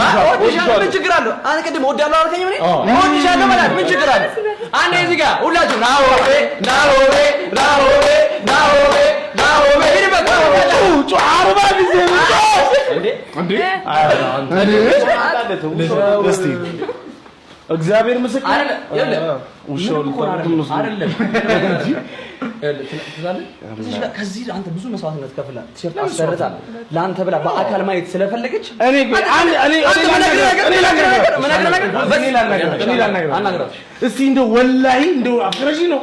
እወድሻለሁ። ምን ችግር አለው? አንተ ቅድም እወዳለሁ እግዚአብሔር ምስክር ከዚህ አንተ ብዙ መስዋዕትነት ከፍላ ቲሸርት አሰርታል ለአንተ ብላ በአካል ማየት ስለፈለገች እኔ እኔ ወላሂ እንደው ነው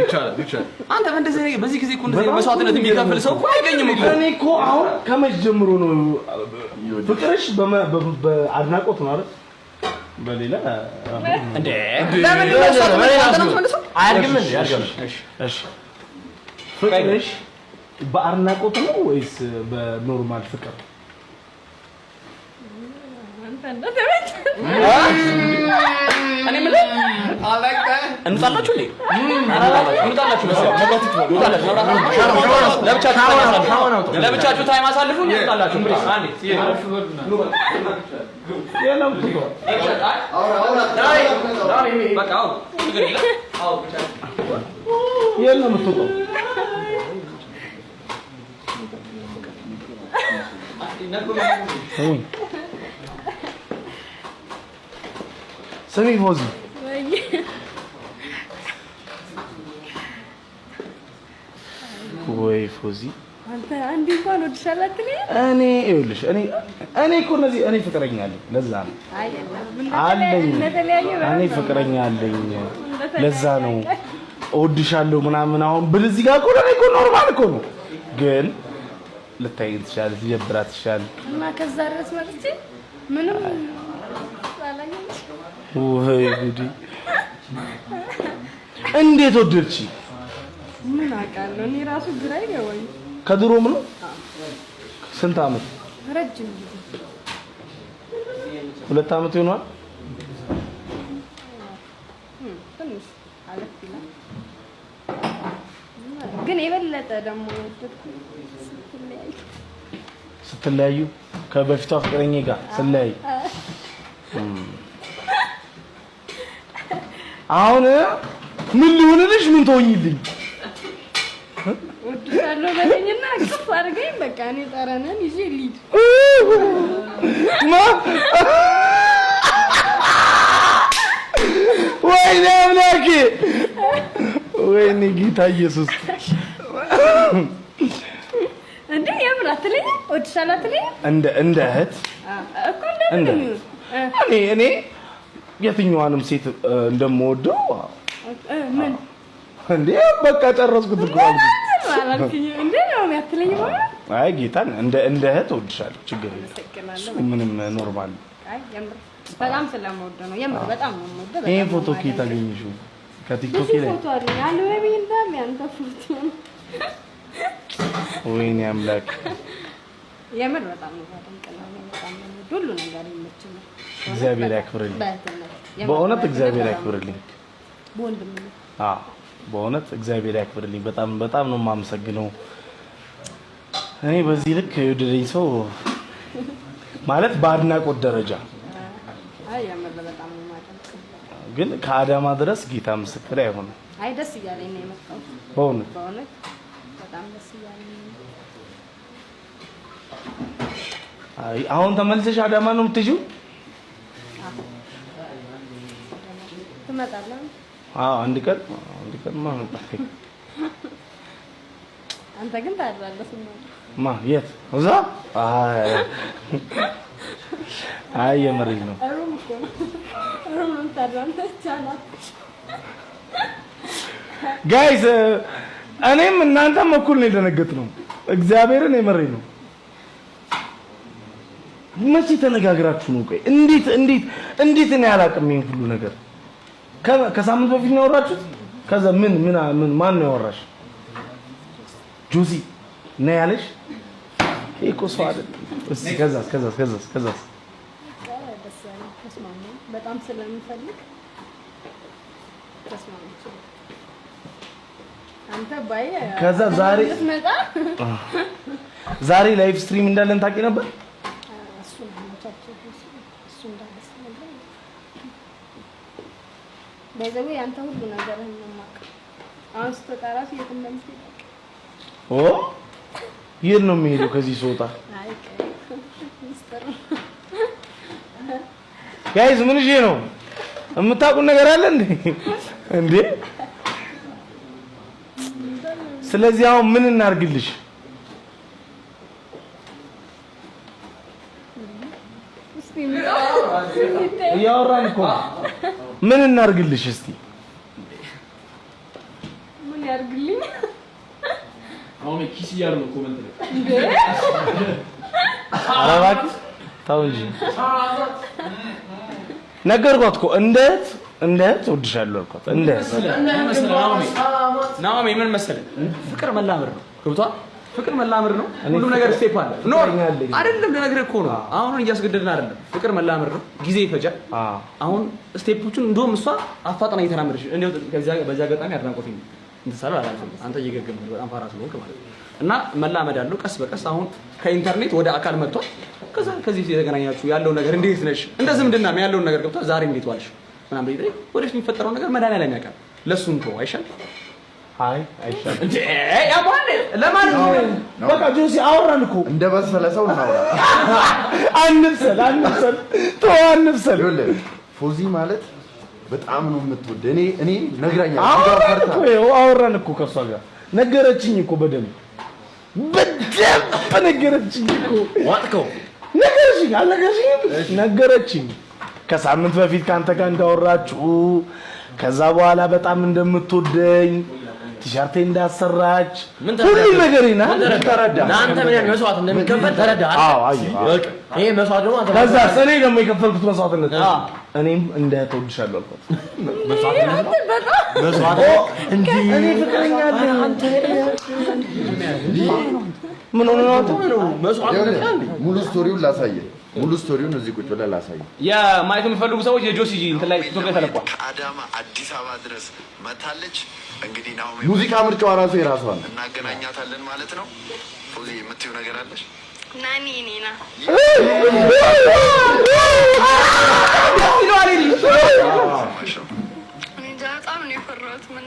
ይቻላል ይቻላል። አንተ ነገር በዚህ ጊዜ እኮ እንደዚህ መስዋዕትነት የሚከፍል ሰው እኮ አይገኝም እኮ። እኔ እኮ አሁን ከመች ጀምሮ ነው ፍቅርሽ በአድናቆት ነው አይደል? በሌላ ፍቅርሽ በአድናቆት ነው ወይስ በኖርማል ፍቅር? እኔ እንጣላችሁ እንዴ? እንጣላችሁ ለብቻችሁ ታይም አሳልፉ። እንጣላችሁ የለም ትቆ ስሚ ፎዚ መጥፎ እዚህ አንዴ እንኳን ወድሻል አትልኝ። እኔ ይኸውልሽ እኔ እኔ እኮ እነዚህ እኔ ፍቅረኛ አለኝ፣ ለዛ ነው አለኝ። እኔ ፍቅረኛ አለኝ፣ ለዛ ነው እወድሻለሁ ምናምን አሁን ብል እዚህ ጋር እኮ እኔ እኮ ኖርማል እኮ ነው፣ ግን ልታይን ትችላለች፣ ሊደብራት ትችላለች። እና ከዛ ድረስ መጥቼ ምንም ወይ ጉዲ! እንዴት ወደድሽ? አውቃለሁ። እኔ ራሱ ግራ ይገባኝ። ከድሮም ነው። ስንት አመት? ረጅም ጊዜ ሁለት አመት ይሆናል። ግን የበለጠ ደግሞ ስትለያዩ ከበፊቷ ፍቅረኛ ጋር ስለያዩ አሁን ምን ሊሆንልሽ ምን ትሆኝልኝ እወድሻለሁ በለኝና እቅፍ አድርገኝ። በቃ እኔ ጠረንን ይዤ ልሂድ። ወይኔ አምላኬ፣ ወይኔ ጌታ ኢየሱስ እንዴ! የምር አትለኝም? እወድሻለሁ አትለኝም? እንደ እንደ እህት እኮ እንደ እኔ እኔ የትኛዋንም ሴት እንደምወደው ምን እንዴ በቃ ጨረስኩት እኮ አይ ጌታን እንደ እንደ እህት እወድሻለሁ። ችግር የለም ምንም ኖርማል። በጣም ነው የምር በጣም ነው ይሄን ፎቶ ከየት አገኘሽው? ከቲክቶክ ላይ ያንተ ፎቶ ወይኔ አምላክ። የምር በጣም ነው ነው እግዚአብሔር ያክብርልኝ፣ በእውነት እግዚአብሔር ያክብርልኝ። በወንድም ነው አዎ በእውነት እግዚአብሔር ያክብርልኝ። በጣም በጣም ነው የማመሰግነው። እኔ በዚህ ልክ የወደደኝ ሰው ማለት በአድናቆት ደረጃ ግን ከአዳማ ድረስ ጌታ ምስክር አይሆንም። አይ ደስ እያለኝ ነው የመጣሁት በእውነት በጣም ደስ እያለኝ አሁን ተመልሰሽ አዳማ ነው የምትሄጂው? ትመጣለህ? አንድ ቀን አንድ ቀን ማን ጠፋኝ። አንተ ግን ታድራለህ። ማ የት? እዛ። አይ ነው። ጋይስ እኔም እናንተም እኩል ነው የደነገጥነው። እግዚአብሔርን ነው። መቼ ተነጋግራችሁ ነው? ቆይ እንዴት እንዴት እንዴት እኔ አላውቅም ይሄን ሁሉ ነገር ከሳምንት በፊት ነው ያወራችሁት? ከዛ ምን ምን ምን ማን ነው ያወራሽ? ጆዚ ነው ያለሽ? እኮ ሰው አይደለም። እስቲ ከዛ ከዛ ከዛ ከዛ በጣም ስለምፈልግ ከዛ ዛሬ ዛሬ ላይቭ ስትሪም እንዳለን ታውቂ ነበር? በዘው ያንተ ሁሉ ነገር እንማቅ አሁን ስትጠራስ የት እንደምትሄድ ኦ የት ነው የሚሄደው? ከዚህ ስወጣ ጋይዝ ምን ይዤ ነው የምታውቁት ነገር አለ እንዴ? እንዴ ስለዚህ አሁን ምን እናርግልሽ? እያወራን እኮ ነው ምን እናርግልሽ? እስቲ ምን ያርግልኝ? አሁን ኪስ እያሉ ኮመንት ላይ ኧረ እባክህ ተው እንጂ ነገርኳት እኮ እንደ እህት እንደ እህት እወድሻለሁ አልኳት። እንደ እህት ናኦሚ ምን መሰለህ፣ ፍቅር መላመድ ነው። ገብቷል ፍቅር መላመድ ነው። ሁሉም ነገር ስቴፕ አለ። ኖ አይደለም፣ ልነግርህ እኮ ነው። አሁን እያስገደድን አይደለም። ፍቅር መላመድ ነው፣ ጊዜ ይፈጃል። አሁን ስቴፖቹን እንደውም እሷ አፋጥና እየተራመደች እንደው በዚህ አጋጣሚ አድናቆት እንትሳለ አላልኩም። አንተ እየገገምህ በጣም ፋራ ስለሆንክ ማለት እና መላመድ አለው ቀስ በቀስ አሁን ከኢንተርኔት ወደ አካል መጥቷል። ከዛ ከዚህ የተገናኛችሁ ያለው ነገር እንዴት ነሽ፣ እንደ ዝምድና ያለውን ነገር ገብቷል። ዛሬ እንዴት ዋልሽ ምናምን ወደፊት የሚፈጠረው ነገር መድኃኒዓለም ያውቃል። ለእሱም ተወው አይሻልም? አይ አይሻልም እንዴ? በቃ ጆሲ አወራን እኮ እንደ በሰለ ሰው እናውራ። አንብሰል አንብሰል ተው አንብሰል። ፎዚ ማለት በጣም ነው እኔ እኔ አወራን እኮ ከእሷ ጋር ነገረችኝ እኮ በደንብ በደንብ ነገረችኝ እኮ። ዋጥከው ነገረችኝ አልነገረችኝም? ነገረችኝ ከሳምንት በፊት ከአንተ ጋር እንዳወራችሁ ከዛ በኋላ በጣም እንደምትወደኝ ቲሸርቴ እንዳሰራች ሁሉ ነገር ይና ተረዳ። ለአንተ ምን መስዋዕት ተረዳ። አዎ ይሄ መስዋዕት አንተ የከፈልኩት መስዋዕትነት እኔም እንደ ተወድሻለሁ አልኳት። መስዋዕት እንዴ እኔ ፍቅረኛ አንተ ምን ሆነ ነው ሙሉ ስቶሪውን ላሳየህ ሙሉ ስቶሪውን እዚህ ቁጭ ብለህ ያ ማየት የሚፈልጉ ሰዎች የጆሲ እንትን ላይ ቲክቶክ ላይ ተለቋል። ከአዳማ አዲስ አበባ ድረስ መታለች። እንግዲህ ናሆም ሙዚቃ ምርጫዋ ራሱ የራሷ ነው። እናገናኛታለን ማለት ነው። ፎዚ የምትይው ነገር አለሽ? ናኒ ኔና በጣም ነው የፈራሁት። ምን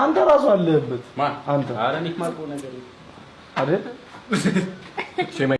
አንተ ራሱ አለህበት። አንተ